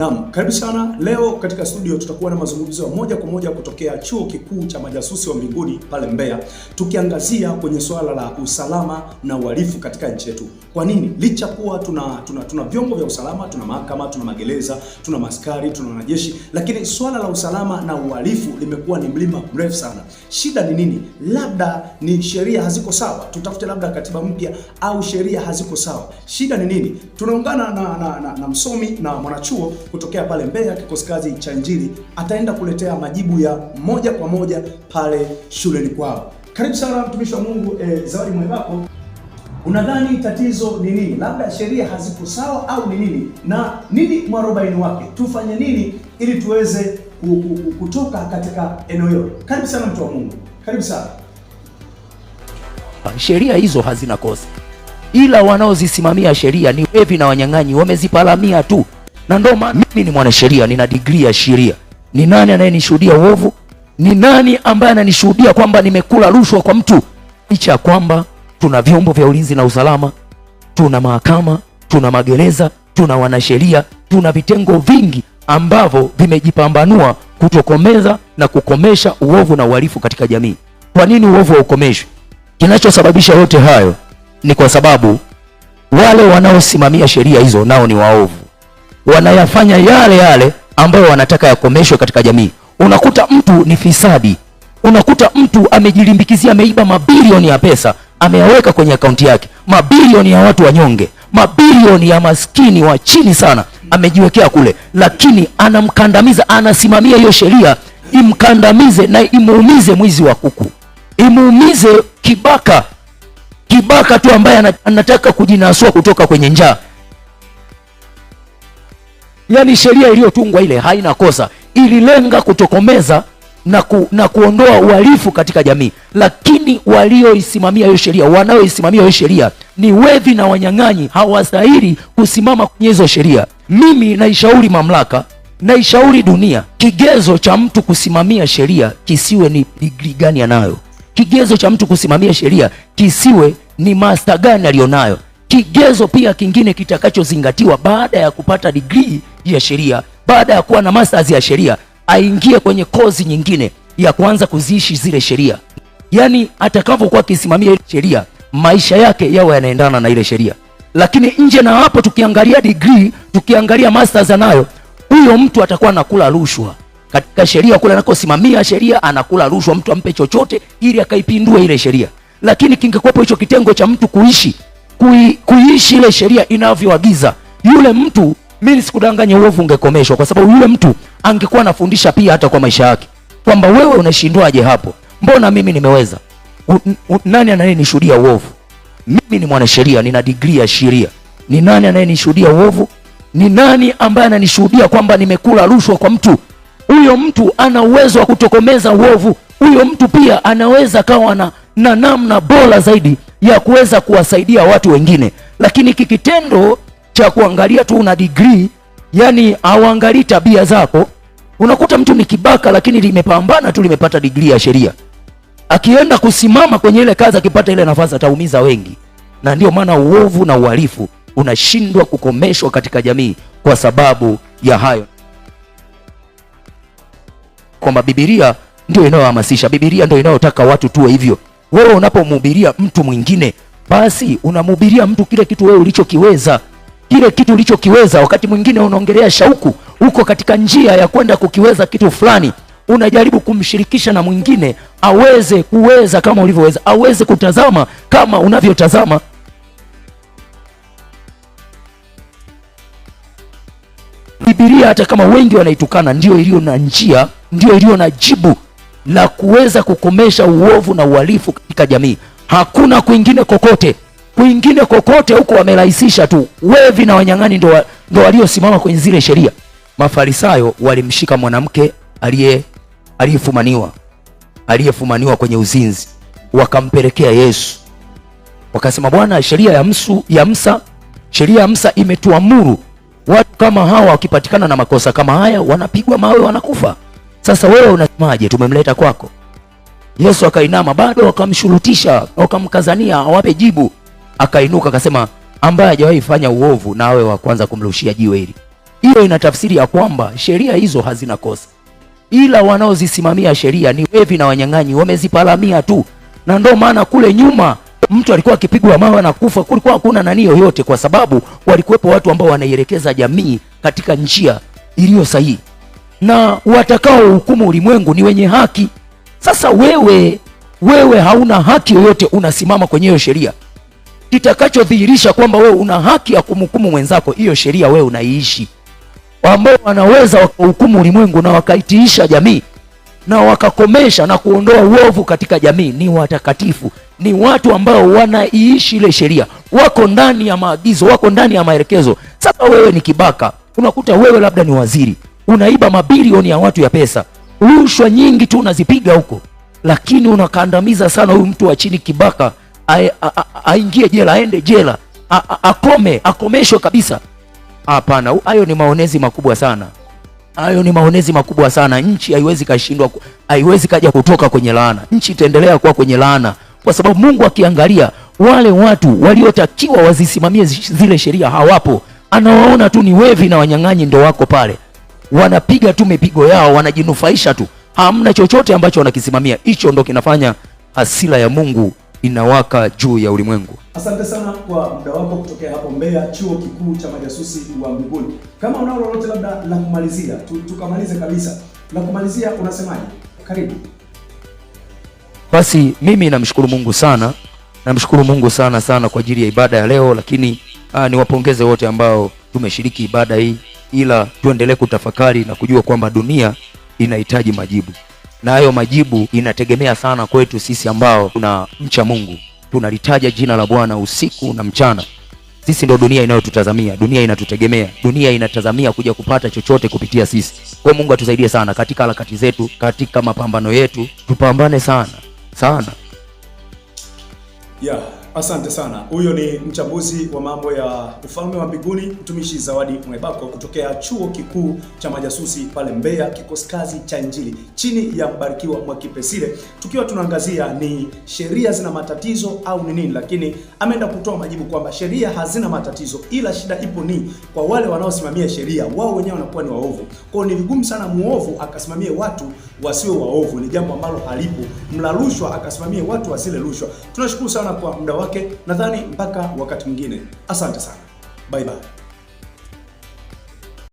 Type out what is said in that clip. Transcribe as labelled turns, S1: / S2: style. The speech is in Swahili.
S1: Naam, karibu sana. Leo katika studio tutakuwa na mazungumzo moja kwa moja kutokea Chuo Kikuu cha Majasusi wa Mbinguni pale Mbeya, tukiangazia kwenye swala la usalama na uhalifu katika nchi yetu. Kwa nini licha kuwa tuna tuna tuna vyombo vya usalama, tuna mahakama, tuna magereza, tuna maskari, tuna wanajeshi, lakini swala la usalama na uhalifu limekuwa ni mlima mrefu sana. Shida ni nini? Labda ni sheria haziko sawa, tutafute labda katiba mpya au sheria haziko sawa. Shida ni nini? Tunaungana na, na, na, na msomi na mwanachuo kutokea pale Mbeya, kikosi kazi cha Injili, ataenda kuletea majibu ya moja kwa moja pale shuleni kwao. Karibu sana mtumishi wa Mungu eh, Zawadi Mwembako. Unadhani tatizo ni nini? Labda sheria haziko sawa au ni nini, na nini mwarobaini wake? Tufanye nini ili tuweze kutoka katika eneo hilo? Karibu sana mtu wa Mungu, karibu sana.
S2: Sheria hizo hazina kosa, ila wanaozisimamia sheria ni wevi na wanyang'anyi, wamezipalamia tu na ndio maana mimi ni mwanasheria, nina degree ya sheria. Ni nani anayenishuhudia uovu? Ni nani ambaye ananishuhudia kwamba nimekula rushwa kwa mtu? Licha ya kwamba tuna vyombo vya ulinzi na usalama, tuna mahakama, tuna magereza, tuna wanasheria, tuna vitengo vingi ambavyo vimejipambanua kutokomeza na kukomesha uovu na uhalifu katika jamii. Kwa nini uovu haukomeshwi? Kinachosababisha yote hayo ni kwa sababu wale wanaosimamia sheria hizo nao ni waovu wanayafanya yale yale ambayo wanataka yakomeshwe katika jamii. Unakuta mtu ni fisadi, unakuta mtu amejilimbikizia, ameiba mabilioni ya pesa, ameyaweka kwenye akaunti yake, mabilioni ya watu wanyonge, mabilioni ya maskini wa chini sana amejiwekea kule, lakini anamkandamiza, anasimamia hiyo sheria imkandamize na imuumize mwizi wa kuku, imuumize kibaka, kibaka tu ambaye anataka kujinasua kutoka kwenye njaa yani sheria iliyotungwa ile haina kosa, ililenga kutokomeza na, ku, na kuondoa uhalifu katika jamii, lakini walioisimamia hiyo sheria, wanaoisimamia hiyo sheria ni wevi na wanyang'anyi, hawastahili kusimama kwenye hizo sheria. Mimi naishauri mamlaka, naishauri dunia, kigezo cha mtu kusimamia sheria kisiwe ni digri gani anayo. Kigezo cha mtu kusimamia sheria kisiwe ni masta gani aliyonayo. Kigezo pia kingine kitakachozingatiwa baada ya kupata digrii ya sheria, baada ya kuwa na masters ya sheria aingie kwenye kozi nyingine ya kuanza kuziishi zile sheria, yaani atakavyokuwa akisimamia ile sheria maisha yake yawe yanaendana na ile sheria. Lakini nje na hapo, tukiangalia degree, tukiangalia masters anayo huyo mtu, atakuwa anakula rushwa katika sheria kule anakosimamia sheria, anakula rushwa. Mtu ampe chochote ili akaipindue ile sheria. Lakini kingekuwepo hicho kitengo cha mtu kuishi kui, kuishi ile sheria inavyoagiza yule mtu mi sikudanganya, uovu ungekomeshwa, kwa sababu yule mtu angekuwa anafundisha pia hata kwa maisha yake kwamba wewe unashindwaje hapo, mbona mimi nimeweza. u, u, Nani anayenishuhudia uovu? Mimi ni mwanasheria, nina digrii ya sheria. Ni nani anayenishuhudia uovu? Ni nani ambaye ananishuhudia kwamba nimekula rushwa kwa mtu? Huyo mtu ana uwezo wa kutokomeza uovu. Huyo mtu pia anaweza kawa na, na namna bora zaidi ya kuweza kuwasaidia watu wengine, lakini kikitendo cha kuangalia tu una degree, yani hawaangalii tabia zako. Unakuta mtu ni kibaka, lakini limepambana tu, limepata degree ya sheria, akienda kusimama kwenye ile kazi, akipata ile nafasi ataumiza wengi, na ndio maana uovu na uhalifu unashindwa kukomeshwa katika jamii kwa sababu ya hayo, kwamba Biblia ndio inayohamasisha, Biblia ndio inayotaka watu tuwe hivyo. Wewe unapomhubiria mtu mwingine, basi unamhubiria mtu kile kitu wewe ulichokiweza kile kitu ulichokiweza. Wakati mwingine unaongelea shauku, uko katika njia ya kwenda kukiweza kitu fulani, unajaribu kumshirikisha na mwingine aweze kuweza kama ulivyoweza, aweze kutazama kama unavyotazama. Biblia hata kama wengi wanaitukana, ndio iliyo na njia, ndio iliyo na jibu la kuweza kukomesha uovu na uhalifu katika jamii. Hakuna kwingine kokote kwingine kokote huko wamerahisisha tu. Wevi na wanyang'ani ndo, ndo waliosimama kwenye zile sheria. Mafarisayo walimshika mwanamke aliye aliyefumaniwa aliyefumaniwa kwenye uzinzi, wakampelekea Yesu, wakasema Bwana, sheria ya msu ya msa sheria ya msa imetuamuru watu kama hawa wakipatikana na makosa kama haya wanapigwa mawe, wanakufa. Sasa wewe unasemaje? Tumemleta kwako. Yesu akainama, bado wakamshurutisha, wakamkazania awape jibu akainuka akasema, ambaye hajawahi fanya uovu na awe wa kwanza kumrushia jiwe hili. Hiyo ina tafsiri ya kwamba sheria hizo hazina kosa, ila wanaozisimamia sheria ni wevi na wanyang'anyi, wamezipalamia tu, na ndio maana kule nyuma mtu alikuwa akipigwa mawe na kufa, kulikuwa hakuna nani yoyote, kwa sababu walikuwepo watu ambao wanaielekeza jamii katika njia iliyo sahihi, na watakao hukumu ulimwengu ni wenye haki. Sasa wewe wewe hauna haki yoyote, unasimama kwenye hiyo sheria kitakachodhihirisha kwamba wewe una haki ya kumhukumu mwenzako. Hiyo sheria wewe unaiishi, ambao wanaweza wakahukumu ulimwengu na wakaitiisha jamii na wakakomesha na kuondoa uovu katika jamii ni watakatifu, ni watu ambao wanaiishi ile sheria, wako ndani ya maagizo, wako ndani ya maelekezo. Sasa wewe ni kibaka, unakuta wewe labda ni waziri, unaiba mabilioni ya watu ya pesa, rushwa nyingi tu unazipiga huko, lakini unakandamiza sana huyu mtu wa chini, kibaka aingie jela, aende jela, a, a, akome, akomeshwe kabisa. Hapana, hayo ni maonezi makubwa sana, hayo ni maonezi makubwa sana. Nchi haiwezi kashindwa, haiwezi kaja kutoka kwenye laana. Nchi itaendelea kuwa kwenye laana, kwa sababu Mungu akiangalia wale watu waliotakiwa wazisimamie zile sheria hawapo, anawaona tu ni wevi na wanyang'anyi, ndo wako pale, wanapiga tu mipigo yao, wanajinufaisha tu, hamna chochote ambacho wanakisimamia. Hicho ndo kinafanya hasila ya Mungu inawaka juu ya ulimwengu.
S1: Asante sana kwa muda wako kutokea hapo Mbeya, chuo kikuu cha majasusi wa mbinguni. Kama unao lolote labda la kumalizia tu, tukamalize kabisa, la kumalizia unasemaje? Karibu.
S2: Basi mimi namshukuru Mungu sana, namshukuru Mungu sana sana kwa ajili ya ibada ya leo, lakini aa, ah, niwapongeze wote ambao tumeshiriki ibada hii, ila tuendelee kutafakari na kujua kwamba dunia inahitaji majibu na hayo majibu inategemea sana kwetu sisi ambao tuna mcha Mungu, tunalitaja jina la Bwana usiku na mchana. Sisi ndo dunia inayotutazamia, dunia inatutegemea, dunia inatazamia kuja kupata chochote kupitia sisi. Kwa Mungu atusaidie sana katika harakati zetu, katika mapambano yetu, tupambane sana sana,
S1: yeah. Asante sana. Huyo ni mchambuzi wa mambo ya ufalme wa mbinguni mtumishi Zawadi Mwebako kutokea chuo kikuu cha majasusi pale Mbeya, kikosi kazi cha Injili chini ya Mbarikiwa Mwakipesile, tukiwa tunaangazia ni sheria zina matatizo au ni nini, lakini ameenda kutoa majibu kwamba sheria hazina matatizo, ila shida ipo ni kwa wale wanaosimamia sheria, wao wenyewe wanakuwa ni waovu. Kwao ni vigumu sana muovu akasimamie watu wasio waovu, ni jambo ambalo halipo. Mla rushwa akasimamie watu wasile rushwa. Tunashukuru sana kwa muda wako kwake. Nadhani mpaka wakati mwingine, asante sana, bye bye.